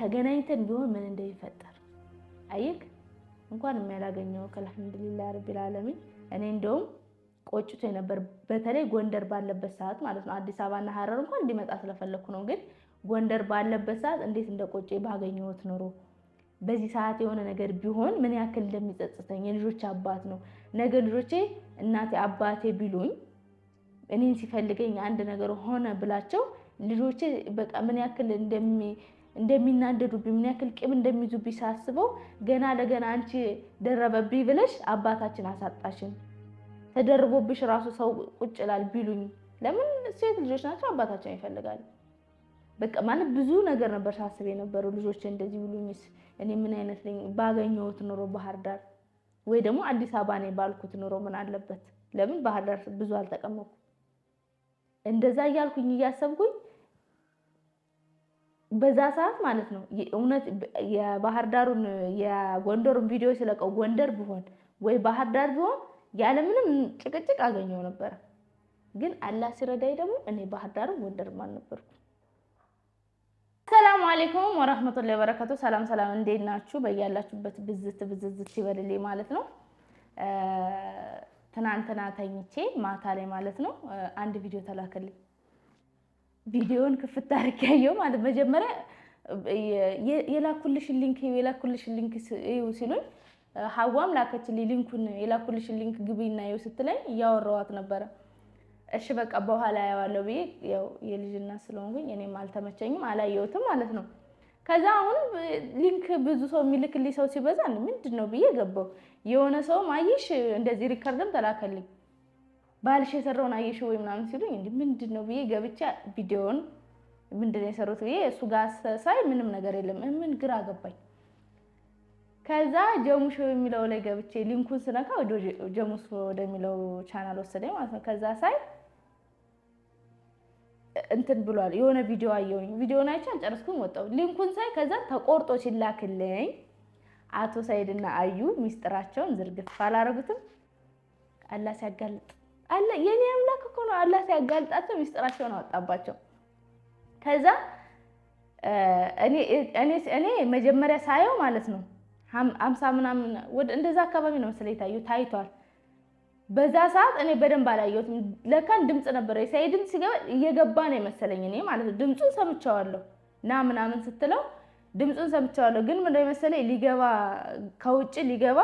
ተገናኝተን ቢሆን ምን እንደሚፈጠር አይክ እንኳን የሚያላገኘው ከአልሐምዱሊላህ ረቢል ዓለሚን። እኔ እንደውም ቆጭቶ ነበር፣ በተለይ ጎንደር ባለበት ሰዓት ማለት ነው። አዲስ አበባና ሀረር እንኳን እንዲመጣ ስለፈለግኩ ነው። ግን ጎንደር ባለበት ሰዓት እንዴት እንደ ቆጬ ባገኘሁት ኖሮ በዚህ ሰዓት የሆነ ነገር ቢሆን ምን ያክል እንደሚጸጽተኝ የልጆች አባት ነው። ነገ ልጆቼ እናቴ አባቴ ቢሉኝ እኔን ሲፈልገኝ አንድ ነገር ሆነ ብላቸው ልጆቼ በቃ ምን ያክል እንደሚናደዱብኝ ምን ያክል ቂም እንደሚይዙብኝ ሳስበው ገና ለገና አንቺ ደረበብኝ ብለሽ አባታችን አሳጣሽን ተደርቦብሽ ራሱ ሰው ቁጭ ላል ቢሉኝ ለምን ሴት ልጆች ናቸው አባታችን ይፈልጋል በቃ ማለት ብዙ ነገር ነበር ሳስብ የነበረው ልጆች እንደዚህ ቢሉኝስ እኔ ምን አይነት ነኝ ባገኘሁት ኑሮ ባህር ዳር ወይ ደግሞ አዲስ አበባ ነኝ ባልኩት ኑሮ ምን አለበት ለምን ባህር ዳር ብዙ አልተቀመኩ እንደዛ እያልኩኝ እያሰብኩኝ በዛ ሰዓት ማለት ነው እውነት የባህር ዳሩን የጎንደሩን ቪዲዮ ስለቀው ጎንደር ቢሆን ወይ ባህር ዳር ቢሆን ያለምንም ጭቅጭቅ አገኘው ነበረ። ግን አላህ ሲረዳይ ደግሞ እኔ ባህር ዳርም ጎንደርም አልነበርኩም። ሰላም አሌይኩም ወራህመቱላሂ ወበረካቱ። ሰላም ሰላም፣ እንዴት ናችሁ? በያላችሁበት ብዝት ብዝዝት ይበልልኝ ማለት ነው። ትናንትና ተኝቼ ማታ ላይ ማለት ነው አንድ ቪዲዮ ተላከልኝ ቪዲዮን ክፍት አድርጌ ያየው ማለት መጀመሪያ የላኩልሽ ሊንክ የላኩልሽ ሊንክ ሲሉኝ ሀዋም ላከችልኝ ሊንኩን የላኩልሽ ሊንክ ግቢና ይኸው ስትለኝ እያወራኋት ነበረ። እሺ በቃ በኋላ ያዋለው ብዬ ያው የልጅና ስለሆንኩኝ እኔም አልተመቸኝም አላየሁትም ማለት ነው። ከዛ አሁን ሊንክ ብዙ ሰው የሚልክልኝ ሰው ሲበዛ ምንድን ነው ብዬ ገባው የሆነ ሰውም አየሽ እንደዚህ ሪከርድም ተላከልኝ ባልሽ የሰራውን አየሽ ወይ ምናምን ሲሉኝ እንዲህ ምንድን ነው ብዬ ገብቻ ቪዲዮውን ምንድን ነው የሰሩት ብዬ እሱ ጋር ሳይ ምንም ነገር የለም። ምን ግራ ገባኝ። ከዛ ጀሙሾ የሚለው ላይ ገብቼ ሊንኩን ስነካ ጀሙስ ወደሚለው ቻናል ወሰደኝ ማለት ነው። ከዛ ሳይ እንትን ብሏል የሆነ ቪዲዮ አየሁኝ። ቪዲዮን አይቼ አልጨረስኩም ወጣው ሊንኩን ሳይ ከዛ ተቆርጦ ሲላክልኝ አቶ ሳይድና አዩ ሚስጥራቸውን ዝርግፍ አላረጉትም። አላ ሲያጋልጥ የኔ አምላክ እኮ ነው። አላህ ሲያጋልጣቸው ሚስጥራቸውን አወጣባቸው። ከዛ እኔ መጀመሪያ ሳየው ማለት ነው አምሳ ምናምን ወደ እንደዛ አካባቢ ነው መሰለኝ የታዩ ታይቷል። በዛ ሰዓት እኔ በደንብ አላየሁትም። ለካን ድምፅ ነበረ የሳይ ድምፅ ሲገባ እየገባ ነው የመሰለኝ እኔ ማለት ነው። ድምፁን ሰምቸዋለሁ ና ምናምን ስትለው ድምፁን ሰምቸዋለሁ፣ ግን ምንደ መሰለኝ ሊገባ ከውጭ ሊገባ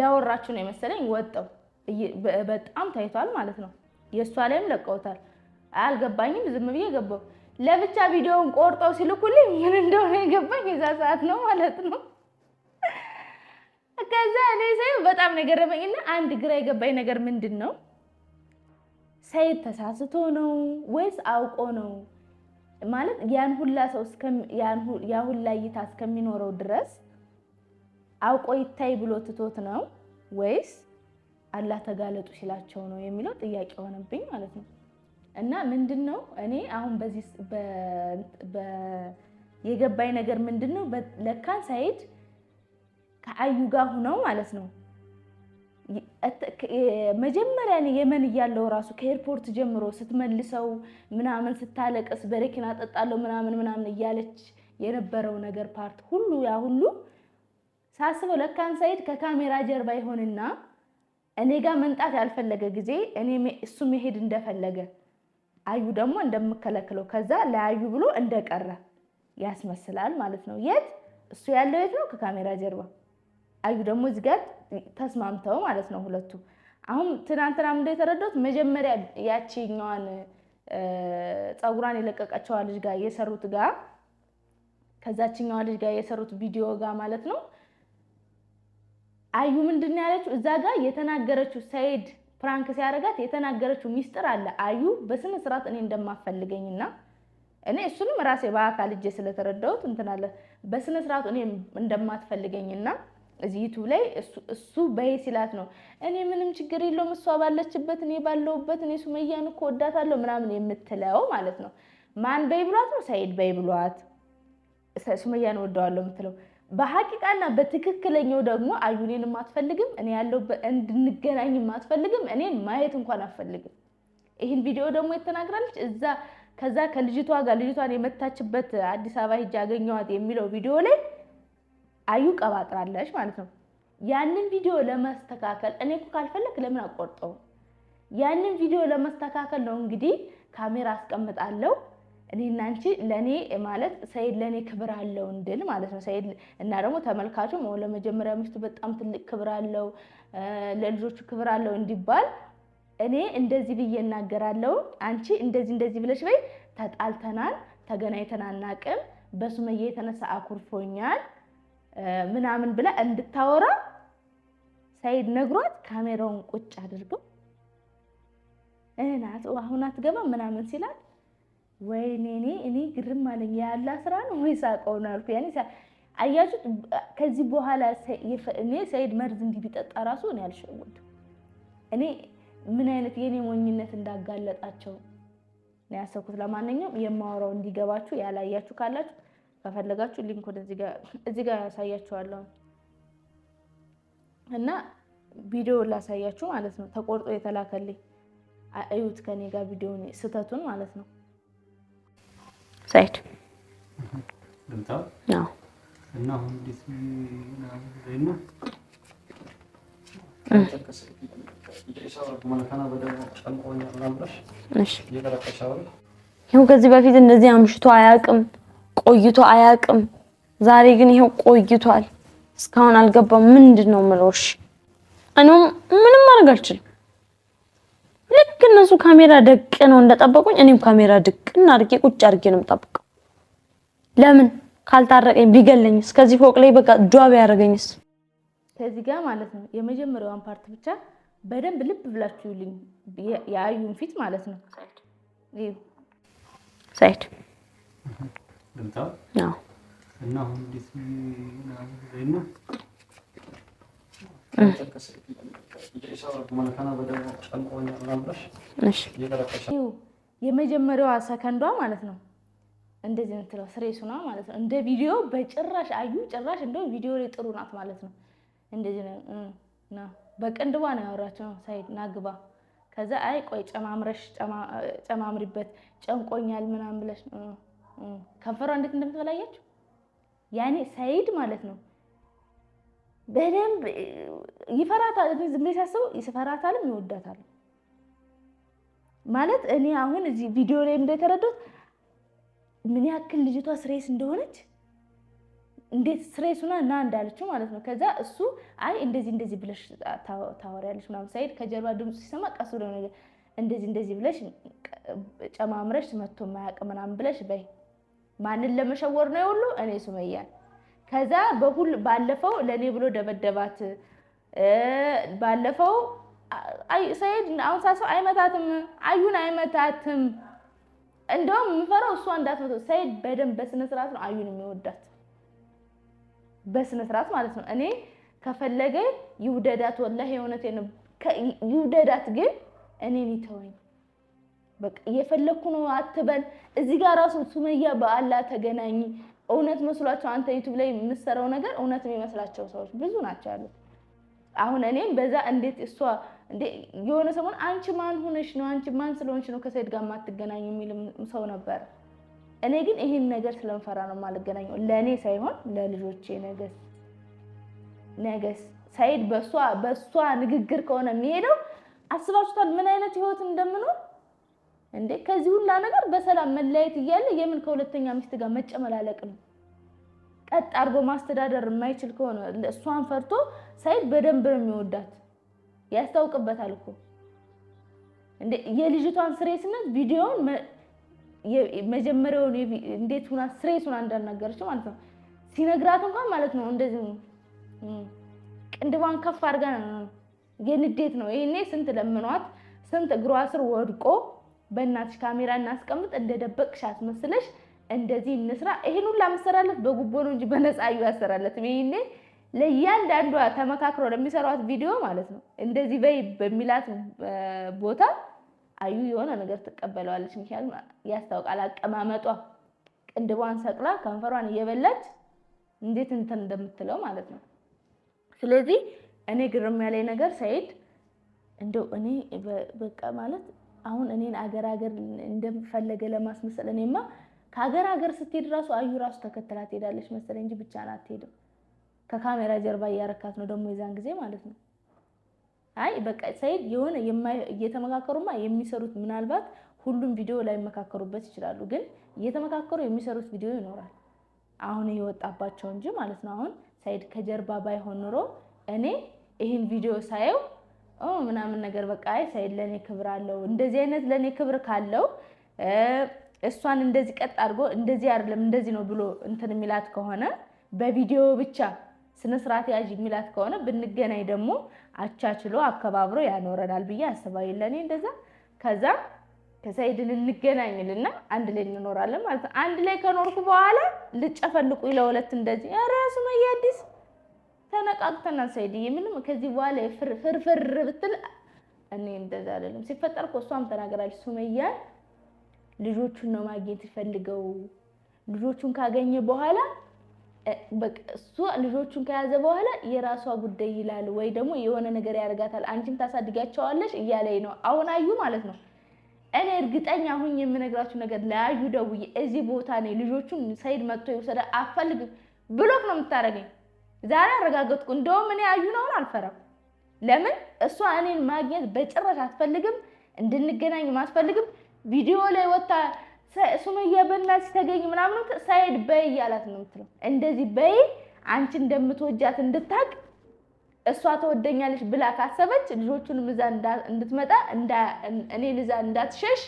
ያወራችሁ ነው የመሰለኝ ወጠው በጣም ታይቷል ማለት ነው። የእሷ ላይም ለቀውታል። አልገባኝም፣ ዝም ብዬ ገባው። ለብቻ ቪዲዮውን ቆርጠው ሲልኩልኝ ምን እንደሆነ የገባኝ የዛ ሰዓት ነው ማለት ነው። ከዛ እኔ ሳይሆን በጣም ነው አንድ ግራ የገባኝ ነገር ምንድን ነው ሰይድ ተሳስቶ ነው ወይስ አውቆ ነው ማለት ያን ሁላ ሰው ያን ሁላ እይታ እስከሚኖረው ድረስ አውቆ ይታይ ብሎ ትቶት ነው ወይስ አላህ ተጋለጡ ሲላቸው ነው የሚለው ጥያቄ ሆነብኝ ማለት ነው። እና ምንድን ነው እኔ አሁን በዚህ የገባኝ ነገር ምንድን ነው ለካ ሳይድ ከአዩ ጋር ሁነው ማለት ነው መጀመሪያ ላይ የመን እያለው ራሱ ከኤርፖርት ጀምሮ ስትመልሰው ምናምን ስታለቀስ በረኪና ጠጣለው ምናምን ምናምን እያለች የነበረው ነገር ፓርት ሁሉ ያ ሁሉ ሳስበው ለካን ሳይድ ከካሜራ ጀርባ ይሆንና እኔ ጋር መምጣት ያልፈለገ ጊዜ እኔ እሱ መሄድ እንደፈለገ አዩ ደግሞ እንደምከለክለው ከዛ ለያዩ ብሎ እንደቀረ ያስመስላል ማለት ነው። የት እሱ ያለው የት ነው? ከካሜራ ጀርባ አዩ ደግሞ እዚህ ጋር ተስማምተው ማለት ነው ሁለቱ። አሁን ትናንትና ምንደ የተረዳሁት መጀመሪያ ያቺኛዋን ፀጉሯን የለቀቀችዋ ልጅ ጋር የሰሩት ጋር ከዛችኛዋ ልጅ ጋር የሰሩት ቪዲዮ ጋር ማለት ነው አዩ ምንድን ነው ያለችው? እዛ ጋር የተናገረችው ሰይድ ፕራንክ ሲያደርጋት የተናገረችው ሚስጥር አለ። አዩ በስነ ስርዓት እኔ እንደማፈልገኝና እኔ እሱንም ራሴ በአካል እጄ ስለተረዳሁት እንትናለ በስነ ስርዓት እኔ እንደማትፈልገኝና እዚህ ዩቱብ ላይ እሱ በይ ሲላት ነው እኔ ምንም ችግር የለውም እሷ ባለችበት እኔ ባለውበት እኔ ሱመያን እኮ ወዳታለሁ ምናምን የምትለው ማለት ነው። ማን በይ ብሏት ነው? ሰይድ በይ ብሏት ሱመያን ወደዋለሁ የምትለው በሀቂቃና በትክክለኛው ደግሞ አዩኔንም አትፈልግም፣ እኔ ያለው እንድንገናኝም አትፈልግም፣ እኔ ማየት እንኳን አትፈልግም። ይህን ቪዲዮ ደግሞ የተናግራለች እዛ ከዛ ከልጅቷ ጋር ልጅቷን የመታችበት አዲስ አበባ ሂጅ አገኘዋት የሚለው ቪዲዮ ላይ አዩ ቀባጥራለች ማለት ነው። ያንን ቪዲዮ ለመስተካከል እኔ እኮ ካልፈለግ ለምን አቆርጠው? ያንን ቪዲዮ ለመስተካከል ነው እንግዲህ ካሜራ አስቀምጣለሁ እኔና አንቺ ለእኔ ማለት ሰይድ ለእኔ ክብር አለው እንድል ማለት ነው። ሰኢድ እና ደግሞ ተመልካቹም ለመጀመሪያ ሚስቱ በጣም ትልቅ ክብር አለው፣ ለልጆቹ ክብር አለው እንዲባል እኔ እንደዚህ ብዬ እናገራለሁ፣ አንቺ እንደዚህ እንደዚህ ብለሽ በይ። ተጣልተናል፣ ተገናኝተን አናቅም፣ በሱመያ የተነሳ አኩርፎኛል ምናምን ብላ እንድታወራ ሰይድ ነግሯት ካሜራውን ቁጭ አድርገው እናት አሁን አትገባም ምናምን ሲላት ወይኔ እኔ እኔ ግርም አለኝ። ያላ ስራ ነው ወይስ አውቀውን አልኩ። ያኔ አያችሁ፣ ከዚህ በኋላ እኔ ሰይድ መርዝ እንዲህ ቢጠጣ ራሱ እኔ አልሸወድም። እኔ ምን አይነት የእኔ ሞኝነት እንዳጋለጣቸው ነው ያሰብኩት። ለማንኛውም የማወራው እንዲገባችሁ ያላያችሁ ካላችሁ ከፈለጋችሁ ሊንኩን እዚህ ጋር ያሳያችኋለሁ እና ቪዲዮ ላሳያችሁ ማለት ነው። ተቆርጦ የተላከልኝ እዩት፣ ከኔ ጋር ቪዲዮ ስህተቱን ማለት ነው ሳይድ ይኸው ከዚህ በፊት እንደዚህ አምሽቶ አያውቅም፣ ቆይቶ አያውቅም። ዛሬ ግን ይኸው ቆይቷል። እስካሁን አልገባም። ምንድን ነው ምሎሽ? እኔም ምንም አድርግ አልችልም። እነሱ ካሜራ ደቅ ነው እንደጠበቁኝ፣ እኔም ካሜራ እና አድርጌ ቁጭ አድርጌ ነው የምጠብቀው። ለምን ካልታረቀኝ ቢገለኝስ? ከዚህ ፎቅ ላይ በቃ ጇብ ያደረገኝስ? ከዚህ ጋር ማለት ነው የመጀመሪያዋን ፓርት ብቻ በደንብ ልብ ብላችሁልኝ፣ የአዩን ፊት ማለት ነው ሳይድ እና የመጀመሪያዋ ሰከንዷ ማለት ነው እንደዚህ ስሬሱ ስሬሱና ማለት ነው። እንደ ቪዲዮ በጭራሽ አዩ ጭራሽ እንደ ቪዲዮ ላይ ጥሩ ናት ማለት ነው። እንደዚህ ነው ና በቅንድባ ነው ያወራቸው። ሳይድ ናግባ ከዛ አይ ቆይ ጨማምረሽ ጨማምሪበት ጨንቆኛል ምናምን ብለሽ ከንፈሯ እንዴት እንደምትበላያችሁ ያኔ ሳይድ ማለት ነው በደንብ ይፈራታል። ዝም ብዬ ሳስበው ይፈራታልም ይወዳታል። ማለት እኔ አሁን እዚህ ቪዲዮ ላይ እንደተረዳሁት ምን ያክል ልጅቷ ስሬስ እንደሆነች እንዴት ስሬሱና እና እንዳለችው ማለት ነው። ከዛ እሱ አይ እንደዚህ እንደዚህ ብለሽ ታወሪያለሽ ምናምን ሳይድ ከጀርባ ድምፅ ሲሰማ ቀስ ብሎ ነገር እንደዚህ እንደዚህ ብለሽ ጨማምረሽ መቶ ማያቅ ምናምን ብለሽ በይ ማንን ለመሸወር ነው የሁሉ እኔ ሱመያን ከዛ በሁል ባለፈው ለእኔ ብሎ ደበደባት። ባለፈው ሰይድ አሁን ሳሰው አይመታትም፣ አዩን አይመታትም። እንደውም የምፈራው እሷ እንዳትመቶ ሰይድ በደንብ በስነስርዓት ነው አዩን የሚወዳት በስነስርዓት ማለት ነው። እኔ ከፈለገ ይውደዳት፣ ወላሂ የእውነቴን ነው ይውደዳት፣ ግን እኔን ይተወኝ። በቃ እየፈለግኩ ነው አትበል። እዚህ ጋር ራሱ ሱመያ በአላ ተገናኝ እውነት መስሏቸው አንተ ዩቱብ ላይ የምትሰራው ነገር እውነት የሚመስላቸው ሰዎች ብዙ ናቸው ያሉት። አሁን እኔም በዛ እንዴት እሷ የሆነ ሰሞን አንቺ ማን ሆነሽ ነው አንቺ ማን ስለሆንሽ ነው ከሰይድ ጋር የማትገናኙ የሚልም ሰው ነበር። እኔ ግን ይህን ነገር ስለምፈራ ነው የማልገናኘው። ለእኔ ሳይሆን ለልጆቼ ነገስ ነገስ ሰይድ በእሷ ንግግር ከሆነ የሚሄደው አስባችሁታል ምን አይነት ህይወት እንደምኖር እንዴ ከዚህ ሁላ ነገር በሰላም መለያየት እያለ የምን ከሁለተኛ ሚስት ጋር መጨመላለቅ ነው? ቀጥ አድርጎ ማስተዳደር የማይችል ከሆነ እሷን ፈርቶ ሳይድ በደንብ ነው የሚወዳት። ያስታውቅበታል እኮ እንዴ የልጅቷን ስሬስነት ቪዲዮውን መጀመሪያውን እንዴት ሁና ስሬሱን እንዳናገረችው ማለት ነው ሲነግራት እንኳን ማለት ነው እንደዚህ ቅንድቧን ከፍ አድርጋ የንዴት ነው ይሄኔ ስንት ለምኗት ስንት እግሯ ስር ወድቆ በእናትሽ ካሜራ እናስቀምጥ እንደደበቅሽ አስመስለሽ እንደዚህ እንስራ። ይሄን ሁሉ መሰራለት በጉቦ ነው እንጂ በነፃ እዩ ያሰራለትም። ይሄኔ ለእያንዳንዷ ተመካክሮ ለሚሰሯት ቪዲዮ ማለት ነው እንደዚህ በይ በሚላት ቦታ አዩ የሆነ ነገር ትቀበለዋለች። ምክንያቱም ያስታውቃል አቀማመጧ፣ ቅንድቧን ሰቅላ ከንፈሯን እየበላች እንዴት እንትን እንደምትለው ማለት ነው። ስለዚህ እኔ ግርም ያለኝ ነገር ሰኢድ እንደው እኔ በቃ ማለት አሁን እኔን አገር አገር እንደፈለገ ለማስመሰል እኔማ ከሀገር ሀገር ስትሄድ ራሱ አዩ ራሱ ተከትላ ትሄዳለች መሰለኝ እንጂ ብቻህን አትሄድም። ከካሜራ ጀርባ እያረካት ነው ደግሞ የዛን ጊዜ ማለት ነው። አይ በቃ ሰይድ የሆነ እየተመካከሩማ የሚሰሩት ምናልባት ሁሉም ቪዲዮ ላይ መካከሩበት ይችላሉ፣ ግን እየተመካከሩ የሚሰሩት ቪዲዮ ይኖራል። አሁን የወጣባቸው እንጂ ማለት ነው። አሁን ሰይድ ከጀርባ ባይሆን ኑሮ እኔ ይህን ቪዲዮ ሳየው ምናምን ነገር በቃ አይ ሳይድ ለእኔ ክብር አለው እንደዚህ አይነት ለእኔ ክብር ካለው እሷን እንደዚህ ቀጥ አድርጎ እንደዚህ አይደለም እንደዚህ ነው ብሎ እንትን የሚላት ከሆነ በቪዲዮ ብቻ ስነስርዓት ያዥ የሚላት ከሆነ ብንገናኝ ደግሞ አቻችሎ አከባብሮ ያኖረናል ብዬ አስባዊ ለእኔ እንደዛ ከዛ ከሰይድን እንገናኝልና አንድ ላይ እንኖራለን ማለት ነው። አንድ ላይ ከኖርኩ በኋላ ልጨፈልቁ ለሁለት እንደዚህ ራሱ መያዲስ ተነቃቅተናል። ሰይድዬ ምንም ከዚህ በኋላ ፍርፍር ብትል እኔ እንደዛ አይደለም። ሲፈጠር እኮ እሷም ተናገራለች። ሱመያ ልጆቹን ነው ማግኘት ይፈልገው። ልጆቹን ካገኘ በኋላ እሱ ልጆቹን ከያዘ በኋላ የራሷ ጉዳይ ይላል፣ ወይ ደግሞ የሆነ ነገር ያደርጋታል። አንቺም ታሳድጋቸዋለሽ እያለኝ ነው አሁን አዩ ማለት ነው። እኔ እርግጠኛ ሁኝ የምነግራችሁ ነገር ለያዩ ደውዬ እዚህ ቦታ ነኝ ልጆቹን ሰይድ መጥቶ የወሰደ አፈልግ ብሎክ ነው የምታደርገኝ ዛሬ አረጋገጥኩ። እንደውም እኔ አዩን አሁን አልፈራም። ለምን እሷ እኔን ማግኘት በጭራሽ አትፈልግም፣ እንድንገናኝ አትፈልግም። ቪዲዮ ላይ ወታ ሱመያ በእናትሽ ሲተገኝ ምናምን ሳይድ በይ እያላት ነው የምትለው። እንደዚህ በይ አንቺ እንደምትወጃት እንድታቅ እሷ ተወደኛለች ብላ ካሰበች ልጆቹን እዛ እንድትመጣ እኔን እዛ እንዳትሸሽ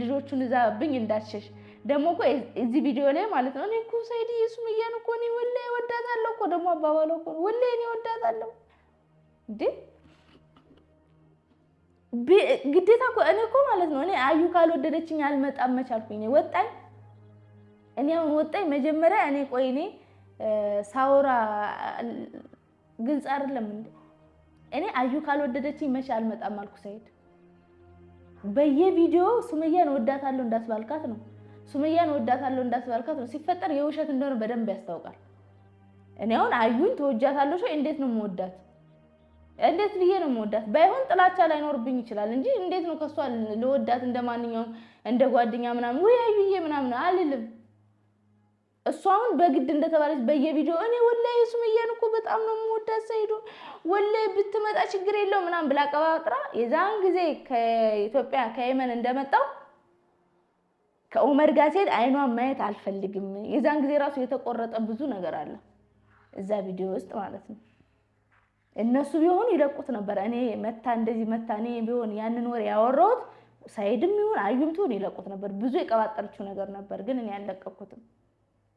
ልጆቹን እዛ ብኝ እንዳትሸሽ ደግሞ እኮ እዚህ ቪዲዮ ላይ ማለት ነው። እኔ እኮ ሰይድ ሱምያን እኮ እኔ ወላሂ እወዳታለሁ እኮ ደግሞ አባባሏ እኮ ወላሂ እኔ እወዳታለሁ እንዴ ግዴታ እኮ እኔ እኮ ማለት ነው እኔ አዩ ካልወደደችኝ አልመጣም መቻልኩኝ። እኔ ወጣኝ እኔ አሁን ወጣኝ መጀመሪያ እኔ ቆይ እኔ ሳውራ ግልጽ አይደለም እንዴ እኔ አዩ ካልወደደችኝ መቼ አልመጣም አልኩ። ሰይድ በየቪዲዮ ሱመያን ወዳታለሁ እንዳስባልካት ነው ሱመያን ወዳታለሁ እንዳትባልካት ነው ሲፈጠር የውሸት እንደሆነ በደንብ ያስታውቃል። እኔ አሁን አዩኝ ተወጃታለሽ ወይ እንዴት ነው መወዳት እንዴት ብዬ ነው መወዳት? ባይሆን ጥላቻ ላይኖርብኝ ይችላል እንጂ እንዴት ነው ከሷ ልወዳት እንደማንኛውም እንደ ጓደኛ ምናምን ወይ አዩዬ ምናምን አልልም። እሷ አሁን በግድ እንደተባለች በየቪዲዮ እኔ ወላሂ ሱመያን እኮ በጣም ነው የምወዳት ሰይዶ ወላሂ ብትመጣ ችግር የለው ምናምን ብላ ቀባጥራ የዛን ጊዜ ከኢትዮጵያ ከየመን እንደመጣው ከኡመር ጋር ሲሄድ አይኗን ማየት አልፈልግም። የዛን ጊዜ ራሱ የተቆረጠ ብዙ ነገር አለ እዛ ቪዲዮ ውስጥ ማለት ነው። እነሱ ቢሆኑ ይለቁት ነበር። እኔ መታ እንደዚህ መታ እኔ ቢሆን ያንን ወሬ ያወራሁት ሳይድም ይሁን አዩም ይለቁት ነበር። ብዙ የቀባጠረችው ነገር ነበር፣ ግን እኔ አልለቀኩትም።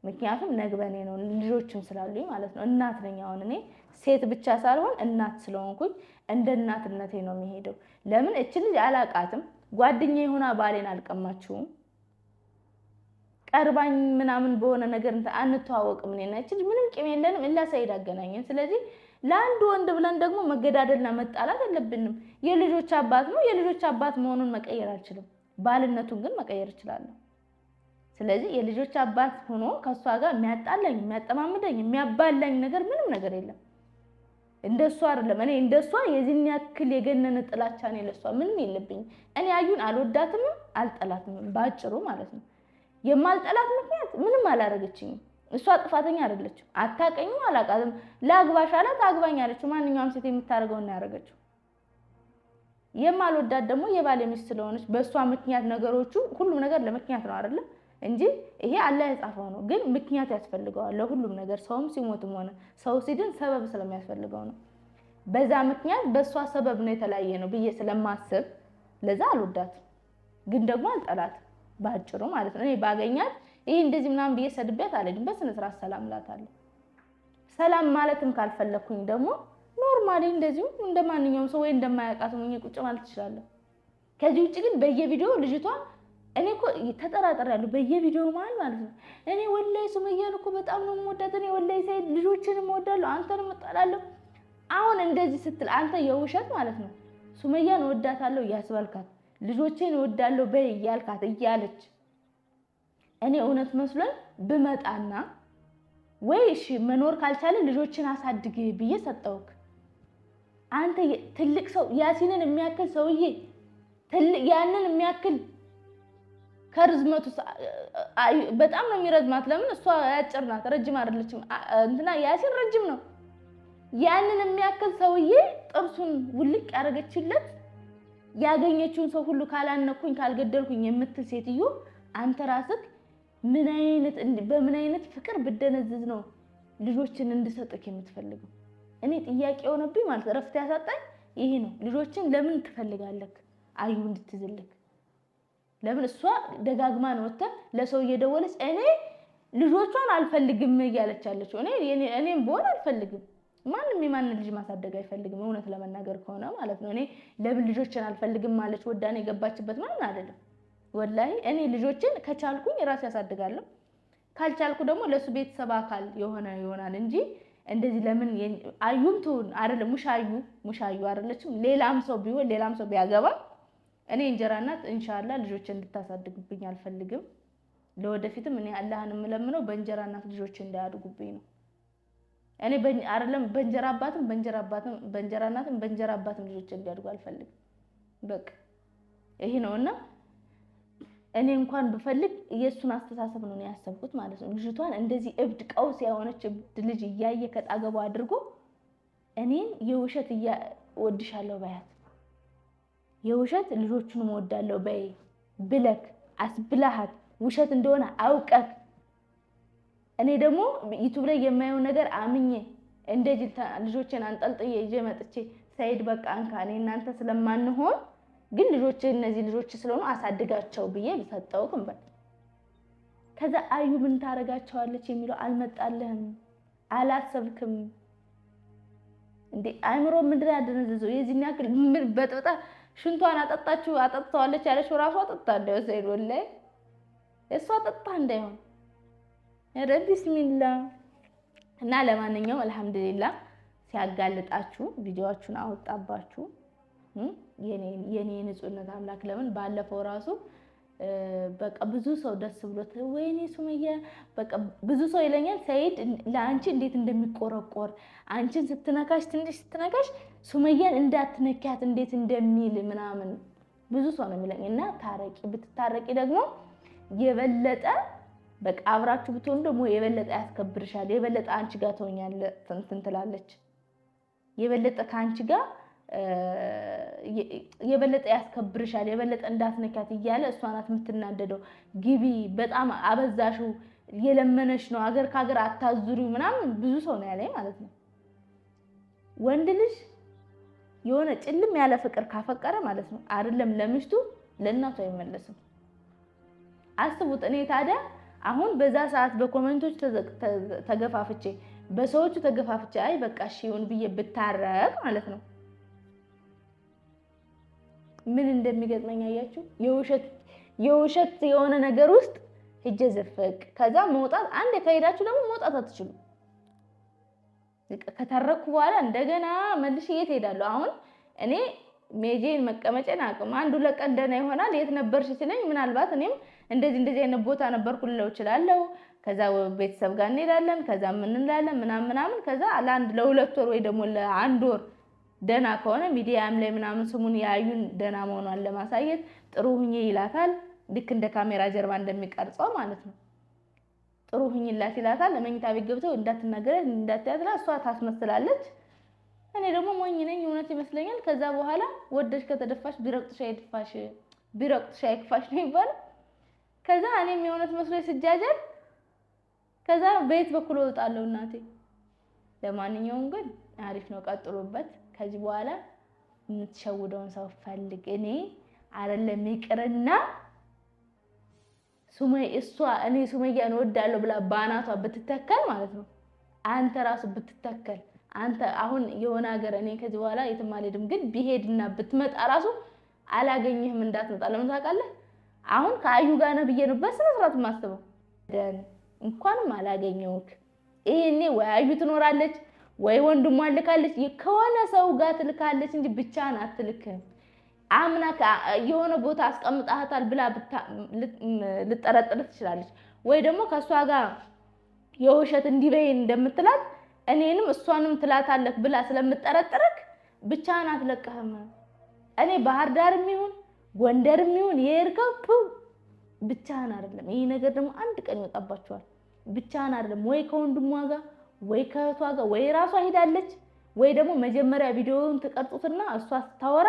ምክንያቱም ነግበኔ ነው ልጆችም ስላሉኝ ማለት ነው። እናት ነኝ አሁን እኔ ሴት ብቻ ሳልሆን እናት ስለሆንኩኝ እንደ እናትነቴ ነው የሚሄደው። ለምን እች ልጅ አላቃትም። ጓደኛ የሆና ባሌን አልቀማችውም ቀርባኝ ምናምን በሆነ ነገር አንተዋወቅ አንተዋወቅም። እኔና ይቺ ምንም ቂም የለንም፣ እላ ሳይድ አገናኘን። ስለዚህ ለአንድ ወንድ ብለን ደግሞ መገዳደልና መጣላት የለብንም። የልጆች አባት ነው። የልጆች አባት መሆኑን መቀየር አልችልም፣ ባልነቱን ግን መቀየር እችላለሁ። ስለዚህ የልጆች አባት ሆኖ ከእሷ ጋር የሚያጣላኝ፣ የሚያጠማምደኝ፣ የሚያባላኝ ነገር ምንም ነገር የለም። እንደሷ አይደለም። እኔ እንደሷ የዚህን ያክል የገነነ ጥላቻ ነው ለሷ ምንም የለብኝ። እኔ አዩን አልወዳትምም፣ አልጠላትምም፣ በአጭሩ ማለት ነው። የማልጠላት ምክንያት ምንም አላደረገችኝም። እሷ ጥፋተኛ አይደለችም። አታቀኝም፣ አላቃትም። ላግባሽ አላት፣ አግባኝ አለችው። ማንኛውም ሴት እና ያደረገችው። የማልወዳት ደግሞ የባሌ ሚስት ስለሆነች በእሷ ምክንያት ነገሮቹ፣ ሁሉም ነገር ለምክንያት ነው አይደለም እንጂ ይሄ አላህ የጻፈው ነው። ግን ምክንያት ያስፈልገዋል ለሁሉም ነገር። ሰውም ሲሞትም ሆነ ሰው ሲድን ሰበብ ስለሚያስፈልገው ነው። በዛ ምክንያት በእሷ ሰበብ ነው የተለያየ ነው ብዬ ስለማስብ ለዛ አልወዳትም፣ ግን ደግሞ አልጠላትም። ባጭሩ ማለት ነው። እኔ ባገኛት ይሄ እንደዚህ ምናምን ብዬ ሰድቤያት አልሄድም። በስነ ስርዓት ሰላም እላታለሁ። ሰላም ማለትም ካልፈለግኩኝ ደግሞ ኖርማሊ እንደዚሁ እንደ ማንኛውም ሰው ወይ እንደማያውቃት ሆኜ ቁጭ ማለት እችላለሁ። ከዚህ ውጭ ግን በየቪዲዮ ልጅቷ እኔ እኮ ተጠራጥሬያለሁ። በየቪዲዮ መሀል ማለት ነው እኔ ወላሂ ሱመያን እኮ በጣም ነው የምወዳት፣ እኔ ወላሂ ሰይድ ልጆችንም እወዳለሁ፣ አንተንም እጠላለሁ። አሁን እንደዚህ ስትል አንተ የውሸት ማለት ነው ሱመያን እወዳታለሁ እያስበልካት ልጆቼን እወዳለሁ በይ እያልካት እያለች እኔ እውነት መስሎኝ ብመጣና ወይ እሺ መኖር ካልቻለ ልጆችን አሳድግ ብዬ ሰጠውክ። አንተ ትልቅ ሰው ያሲንን የሚያክል ሰውዬ ያንን የሚያክል ከርዝመቱ በጣም ነው የሚረዝማት። ለምን እሷ ያጭር ናት፣ ረጅም አይደለችም። እንትና ያሲን ረጅም ነው። ያንን የሚያክል ሰውዬ ጥርሱን ውልቅ ያደረገችለት ያገኘችውን ሰው ሁሉ ካላነኩኝ ካልገደልኩኝ የምትል ሴትዮ አንተ ራስህ ምን አይነት በምን አይነት ፍቅር ብደነዝዝ ነው ልጆችን እንድሰጥክ የምትፈልገው? እኔ ጥያቄ የሆነብኝ ማለት እረፍት ያሳጣኝ ይሄ ነው። ልጆችን ለምን ትፈልጋለህ? አዩ እንድትዝልክ ለምን እሷ ደጋግማ ነው ወተ ለሰው እየደወለች እኔ ልጆቿን አልፈልግም እያለች ያለችው። እኔም በሆን አልፈልግም ማንም የማንን ልጅ ማሳደግ አይፈልግም። እውነት ለመናገር ከሆነ ማለት ነው። እኔ ለምን ልጆችን አልፈልግም ማለች ወዳን የገባችበት ምናምን አይደለም። ወላሂ እኔ ልጆችን ከቻልኩኝ ራሱ ያሳድጋለሁ፣ ካልቻልኩ ደግሞ ለእሱ ቤተሰብ አካል የሆነ ይሆናል እንጂ እንደዚህ ለምን አዩም ትሁን አይደለም። ሙሻዩ ሙሻዩ አይደለችም። ሌላም ሰው ቢሆን ሌላም ሰው ቢያገባ እኔ እንጀራ እናት እንሻላ ልጆችን እንድታሳድግብኝ አልፈልግም። ለወደፊትም እኔ አላህን የምለምነው በእንጀራ እናት ልጆች እንዳያድጉብኝ ነው። እኔ አይደለም በእንጀራ አባትም በእንጀራ አባትም በእንጀራ እናትም በእንጀራ አባትም ልጆች እንዲያድጉ አልፈልግም። በቃ ይሄ ነው እና እኔ እንኳን ብፈልግ የእሱን አስተሳሰብ ነው ያሰብኩት ማለት ነው። ልጅቷን እንደዚህ እብድ ቀውስ የሆነች እብድ ልጅ እያየ ከጣገቡ አድርጎ እኔን የውሸት እወድሻለሁ በያት የውሸት ልጆቹንም እወዳለሁ በይ ብለክ አስብላሃት ውሸት እንደሆነ አውቀክ እኔ ደግሞ ዩቱብ ላይ የማየው ነገር አምኜ እንደ ልጆችን አንጠልጥዬ ይዤ መጥቼ ሰይድ በቃ እንካ እኔ እናንተ ስለማንሆን ግን ልጆች እነዚህ ልጆች ስለሆኑ አሳድጋቸው ብዬ ሰጠው ግንበል። ከዛ አዩ ምን ታደርጋቸዋለች የሚለው አልመጣልህም፣ አላሰብክም እንዴ አእምሮ ምንድን ያደነዘዘው የዚህን ያክል ምን በጥብጣ ሽንቷን አጠጣችሁ አጠጥተዋለች ያለችው ራሱ አጠጣ እንዳይሆን ሰይድ ወላሂ እሷ አጠጣ እንዳይሆን ኧረ ቢስሚላ እና ለማንኛውም አልሐምዱሊላ ሲያጋልጣችሁ ቪዲዮዎቹን አወጣባችሁ። የኔ ንጹህነት አምላክ ለምን ባለፈው ራሱ በቃ ብዙ ሰው ደስ ብሎት ወይኔ ሱመያ በቃ ብዙ ሰው ይለኛል፣ ሰይድ ለአንቺ እንዴት እንደሚቆረቆር አንቺን ስትነካሽ ትንሽ ስትነካሽ ሱመያን እንዳትነኪያት እንዴት እንደሚል ምናምን ብዙ ሰው ነው የሚለኝ እና ታረቂ ብትታረቂ ደግሞ የበለጠ በቃ አብራችሁ ብትሆን ደግሞ የበለጠ ያስከብርሻል። የበለጠ አንቺ ጋር ተወኛለ እንትን ትላለች። የበለጠ ከአንቺ ጋር የበለጠ ያስከብርሻል፣ የበለጠ እንዳትነካት እያለ እሷ ናት የምትናደደው። ግቢ በጣም አበዛሽው፣ የለመነሽ ነው፣ አገር ከሀገር አታዙሪው ምናምን ብዙ ሰው ነው ያለኝ ማለት ነው። ወንድ ልጅ የሆነ ጭልም ያለ ፍቅር ካፈቀረ ማለት ነው አይደለም ለምሽቱ ለእናቱ አይመለስም። አስቡት እኔ ታዲያ አሁን በዛ ሰዓት በኮመንቶች ተገፋፍቼ በሰዎቹ ተገፋፍቼ አይ በቃ እሺ ይሁን ብዬ ብታረቅ ማለት ነው ምን እንደሚገጥመኝ አያችሁ። የውሸት የውሸት የሆነ ነገር ውስጥ ሂጄ ዘፈቅ ከዛ መውጣት አንድ ከሄዳችሁ ደግሞ መውጣት አትችሉ? ከተረኩ በኋላ እንደገና መልሼ የት ሄዳለሁ? አሁን እኔ ሜጄን መቀመጨን አቅም አንዱ ለቀን ደህና ይሆናል የት ነበርሽ ሲለኝ ምናልባት እኔም እንደዚህ እንደዚህ አይነት ቦታ ነበርኩ ልለው እችላለሁ። ከዛ ቤተሰብ ጋር እንሄዳለን፣ ከዛ ምን እንላለን ምናምን ምናምን። ከዛ ለአንድ ለሁለት ወር ወይ ደግሞ ለአንድ ወር ደና ከሆነ ሚዲያም ላይ ምናምን ስሙን ያዩን ደና መሆኗን ለማሳየት ጥሩ ሁኜ ይላታል። ልክ እንደ ካሜራ ጀርባ እንደሚቀርጸው ማለት ነው። ጥሩ ሁኝላት ይላታል። ለመኝታ ቤት ገብተው እንዳትናገረ እንዳትያዝላ እሷ ታስመስላለች። እኔ ደግሞ ሞኝ ነኝ፣ እውነት ይመስለኛል። ከዛ በኋላ ወደሽ ከተደፋሽ ቢረቅጥሽ አይድፋሽ፣ ቢረቅጥሽ አይክፋሽ ነው ይባላል። ከዛ እኔም የእውነት መስሎ ስጃጀል ከዛ በየት በኩል ወጣለሁ እናቴ። ለማንኛውም ግን አሪፍ ነው፣ ቀጥሎበት። ከዚህ በኋላ የምትሸውደውን ሰው ፈልግ። እኔ አይደለም ይቅርና ሱመ እሷ እኔ ሱመያን እወዳለሁ ብላ በአናቷ ብትተከል ማለት ነው። አንተ ራሱ ብትተከል አንተ አሁን የሆነ ሀገር እኔ ከዚህ በኋላ የትም አልሄድም፣ ግን ቢሄድና ብትመጣ ራሱ አላገኝህም እንዳትመጣ ለምን ታውቃለህ? አሁን ከአዩ ጋር ነህ ብዬ ነው በስነ ስርዓት የማስበው። ደን እንኳንም አላገኘውክ። ይሄኔ ወይ አዩ ትኖራለች ወይ ወንድሟ ልካለች፣ ከሆነ ሰው ጋር ትልካለች እንጂ ብቻን አትልክህም። አምና የሆነ ቦታ አስቀምጣታል ብላ ልጠረጥር ትችላለች። ወይ ደግሞ ከእሷ ጋር የውሸት እንዲበይን እንደምትላት እኔንም እሷንም ትላታለህ ብላ ስለምጠረጥርክ ብቻህን አትለቅህም። እኔ ባህር ዳርም ይሁን ጎንደርም ይሁን የእርጋቱ ብቻህን አይደለም። ይህ ነገር ደግሞ አንድ ቀን ይወጣባቸዋል። ብቻህን አይደለም ወይ ከወንድሟ ጋር ወይ ከእህቷ ጋር ወይ ራሷ ሄዳለች ወይ ደግሞ መጀመሪያ ቪዲዮውን ትቀርጹትና እሷ ስታወራ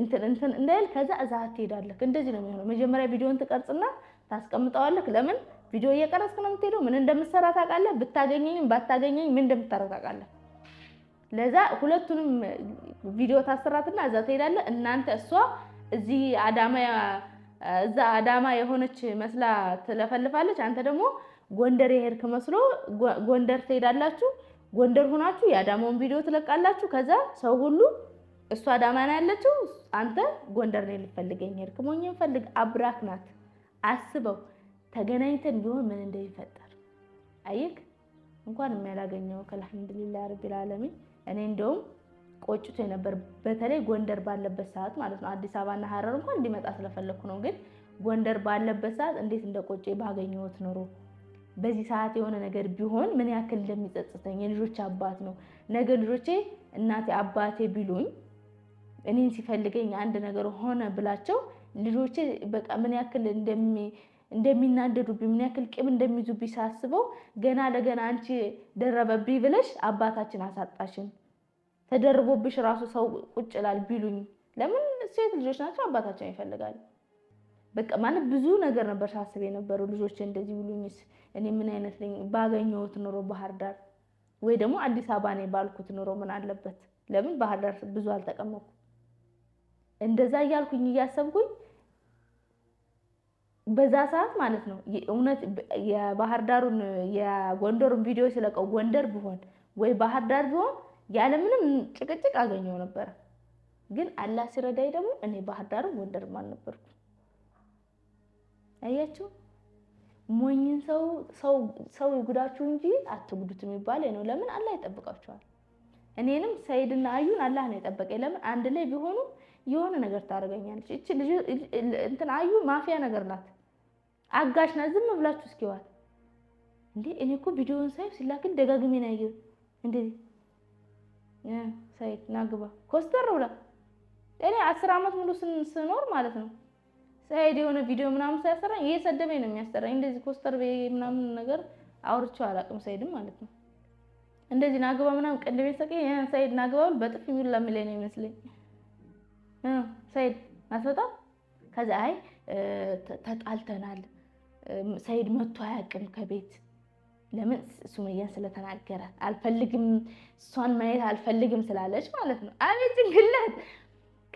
እንትን እንትን እንዳይል ከዛ እዛ ትሄዳለህ። እንደዚህ ነው የሚሆነው። መጀመሪያ ቪዲዮውን ትቀርጽና ታስቀምጠዋለህ። ለምን ቪዲዮ እየቀረጽክ ነው የምትሄደው? ምን እንደምትሰራ ታውቃለህ። ብታገኘኝም ባታገኘኝ ምን እንደምታረግ ታውቃለህ። ለዛ ሁለቱንም ቪዲዮ ታሰራትና እዛ ትሄዳለህ። እናንተ እሷ እዚህ አዳማ እዛ አዳማ የሆነች መስላ ትለፈልፋለች። አንተ ደግሞ ጎንደር የሄድክ መስሎ ጎንደር ትሄዳላችሁ። ጎንደር ሁናችሁ የአዳማውን ቪዲዮ ትለቃላችሁ። ከዛ ሰው ሁሉ እሱ አዳማ ነው ያለችው፣ አንተ ጎንደር ነው ልፈልገኝ ሄድክ። ሞኝም ፈልግ አብራክ ናት። አስበው ተገናኝተን ቢሆን ምን እንደሚፈጠር አይክ እንኳን የሚያላገኘው ከአልሐምዱሊላህ ረቢል ዓለሚን እኔ እንደውም ቆጭቶ የነበር በተለይ ጎንደር ባለበት ሰዓት ማለት ነው። አዲስ አበባና ሀረር እንኳን እንዲመጣ ስለፈለኩ ነው። ግን ጎንደር ባለበት ሰዓት እንዴት እንደ ቆጭ ባገኘሁት ኖሮ በዚህ ሰዓት የሆነ ነገር ቢሆን ምን ያክል እንደሚጸጽተኝ የልጆች አባት ነው። ነገ ልጆቼ እናቴ አባቴ ቢሉኝ እኔን ሲፈልገኝ አንድ ነገር ሆነ ብላቸው ልጆቼ በቃ ምን ያክል እንደሚ እንደሚናደዱብኝ ምን ያክል ቂም እንደሚይዙብኝ ሳስበው ገና ለገና አንቺ ደረበብኝ ብለሽ አባታችን አሳጣሽን። ተደርቦብሽ ራሱ ሰው ቁጭ ላል ቢሉኝ ለምን ሴት ልጆች ናቸው፣ አባታችን ይፈልጋል። በቃ ማለት ብዙ ነገር ነበር ሳስብ የነበረው። ልጆች እንደዚህ ብሉኝስ እኔ ምን አይነት ነኝ? ባገኘሁት ኑሮ ባህር ዳር ወይ ደግሞ አዲስ አበባ ነኝ ባልኩት ኑሮ ምን አለበት? ለምን ባህር ዳር ብዙ አልተቀመጥኩም? እንደዛ እያልኩኝ እያሰብኩኝ በዛ ሰዓት ማለት ነው እውነት የባህር ዳሩን የጎንደሩን ቪዲዮ ሲለቀው ጎንደር ቢሆን ወይ ባህር ዳር ቢሆን ያለምንም ጭቅጭቅ አገኘው ነበረ። ግን አላህ ሲረዳይ ደግሞ እኔ ባህር ዳርም ጎንደርም አልነበርኩ? አያችሁ፣ ሞኝን ሰው ሰው ይጉዳችሁ እንጂ አትጉዱት የሚባል ነው። ለምን አላህ ይጠብቃችኋል። እኔንም ሰይድና አዩን አላህ ነው የጠበቀኝ። ለምን አንድ ላይ ቢሆኑ የሆነ ነገር ታደርገኛለች። እቺ ልጅ እንትን አዩ ማፊያ ነገር ናት፣ አጋሽ ናት። ዝም ብላችሁ እስኪዋል እንዴ! እኔ እኮ ቪዲዮውን ሳይ ሲላክን ደጋግሜ ነው ያየሁት። እንዴ ሳይት ናግባ ኮስተር ብላ እኔ አስር አመት ሙሉ ስኖር ማለት ነው ሳይድ የሆነ ቪዲዮ ምናምን ሳያሰራኝ ይሄ ሰደበኝ ነው የሚያሰራኝ። እንደዚህ ኮስተር በይ ምናምን ነገር አውርቼው አላውቅም። ሳይድም ማለት ነው እንደዚህ ናግባ ምናምን ቅድሜ ሰቀኝ ሳይድ ናግባውን በጥፍ የሚሉ ለሚለኝ ነው ይመስለኝ ሰይድ አስወጣው። ከዛ አይ ተጣልተናል፣ ሰይድ መቶ አያውቅም ከቤት ለምን ሱመያን ስለተናገረ አልፈልግም፣ እሷን ማየት አልፈልግም ስላለች ማለት ነው። አቤት ጭንቅላት።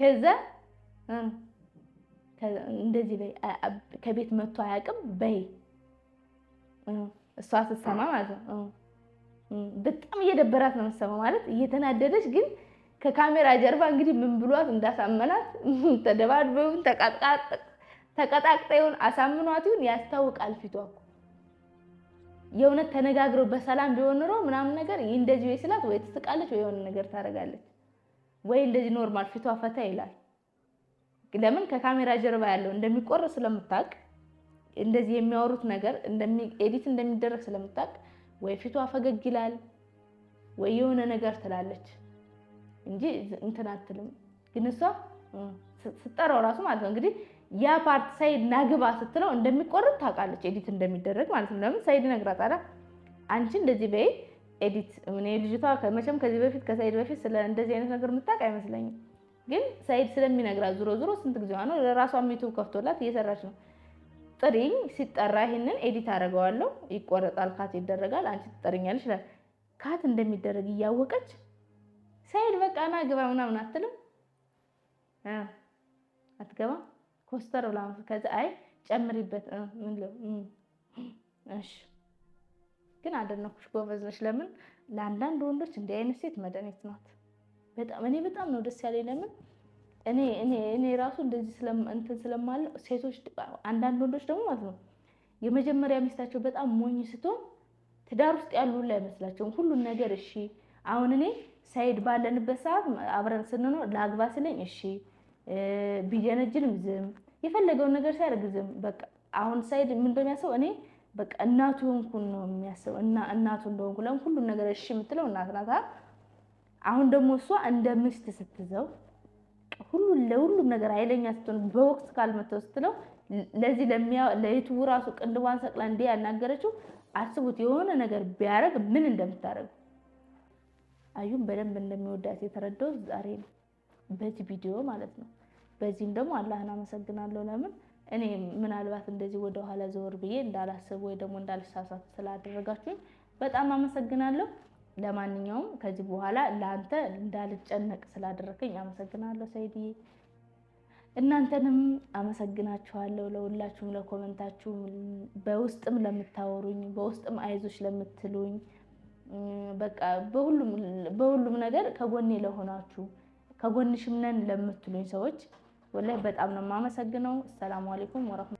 ከዛ እንደዚህ በይ ከቤት መቶ አያውቅም በይ፣ እሷ ስትሰማ ማለት ነው። በጣም እየደበራት ነው የምትሰማው ማለት እየተናደደች ግን ከካሜራ ጀርባ እንግዲህ ምን ብሏት እንዳሳመናት ተደባድበውን ተቀጣቅጠውን አሳምኗትን ያስታውቃል። ፊቷ የእውነት ተነጋግረው በሰላም ቢሆን ኖሮ ምናምን ነገር ይህ እንደዚህ ወይ ስላት ወይ ትስቃለች ወይ የሆነ ነገር ታደርጋለች ወይ እንደዚህ ኖርማል ፊቷ ፈታ ይላል። ለምን ከካሜራ ጀርባ ያለው እንደሚቆረጥ ስለምታውቅ እንደዚህ የሚያወሩት ነገር ኤዲት እንደሚደረግ ስለምታውቅ ወይ ፊቷ ፈገግ ይላል ወይ የሆነ ነገር ትላለች። እንጂ እንትን አትልም። ግን እሷ ስጠራው ራሱ ማለት ነው እንግዲህ ያ ፓርት ሳይድ ናግባ ስትለው እንደሚቆርጥ ታውቃለች፣ ኤዲት እንደሚደረግ ማለት ነው። ለምን ሰይድ ነግራታል። አንቺ እንደዚህ በይ ኤዲት ምን ልጅቷ መቼም ከዚህ በፊት ከሳይድ በፊት ስለ እንደዚህ አይነት ነገር የምታውቅ አይመስለኝም። ግን ሳይድ ስለሚነግራት ዙሮ ዙሮ ስንት ጊዜ ነው ለራሷ ዩቱብ ከፍቶላት እየሰራች ነው። ጥሪኝ ሲጠራ ይህንን ኤዲት አደርገዋለሁ፣ ይቆረጣል፣ ካት ይደረጋል፣ አንቺ ትጠርኛል ይችላል። ካት እንደሚደረግ እያወቀች ሳይል በቃ ና ግባ ምናምን አትልም፣ አትገባ ኮስተር ብላ ከዛ አይ ጨምሪበት ምን እሺ ግን አደነኩሽ፣ ጎበዝ ነሽ። ለምን ለአንዳንድ ወንዶች እንዲህ አይነት ሴት መድኃኒት ናት። በጣም እኔ በጣም ነው ደስ ያለኝ። ለምን እኔ እኔ እኔ ራሱ እንደዚህ እንትን ስለማለው ሴቶች፣ አንዳንድ ወንዶች ደግሞ ማለት ነው የመጀመሪያ ሚስታቸው በጣም ሞኝ ስትሆን ትዳር ውስጥ ያሉ ላይ አይመስላቸውም። ሁሉን ነገር እሺ አሁን እኔ ሰይድ ባለንበት ሰዓት አብረን ስንኖር ለአግባ ስለኝ እሺ፣ ቢጀነጅልም ዝም፣ የፈለገውን ነገር ሲያደርግ ዝም። በቃ አሁን ሳይድ ምን እንደሚያስበው እኔ በቃ እናቱ ሆንኩን ነው የሚያስበው። እና እናቱ እንደሆንኩ ለምን ሁሉም ነገር እሺ የምትለው እናት ናት። አሁን ደግሞ እሷ እንደ ምስት ስትዘው ሁሉ ለሁሉም ነገር ኃይለኛ ስትሆን በወቅት ካልመተው ስትለው ለዚህ ለየትቡ ራሱ ቅንድቧን ሰቅላ እንዲህ ያናገረችው አስቡት። የሆነ ነገር ቢያደርግ ምን እንደምታደርግ አዩን በደንብ እንደሚወዳት የተረዳው ዛሬ ነው፣ በዚህ ቪዲዮ ማለት ነው። በዚህም ደግሞ አላህን አመሰግናለሁ። ለምን እኔ ምናልባት እንደዚህ ወደ ኋላ ዘወር ብዬ እንዳላስብ ወይ ደግሞ እንዳልሳሳት ስላደረጋችሁኝ በጣም አመሰግናለሁ። ለማንኛውም ከዚህ በኋላ ለአንተ እንዳልጨነቅ ስላደረከኝ አመሰግናለሁ ሰይድዬ። እናንተንም አመሰግናችኋለሁ ለሁላችሁም፣ ለኮመንታችሁም፣ በውስጥም ለምታወሩኝ፣ በውስጥም አይዞች ለምትሉኝ በቃ በሁሉም ነገር ከጎኔ ለሆናችሁ ከጎንሽም ነን ለምትሉኝ ሰዎች ወላሂ በጣም ነው የማመሰግነው። ሰላም አለይኩም ወረህመቱላሂ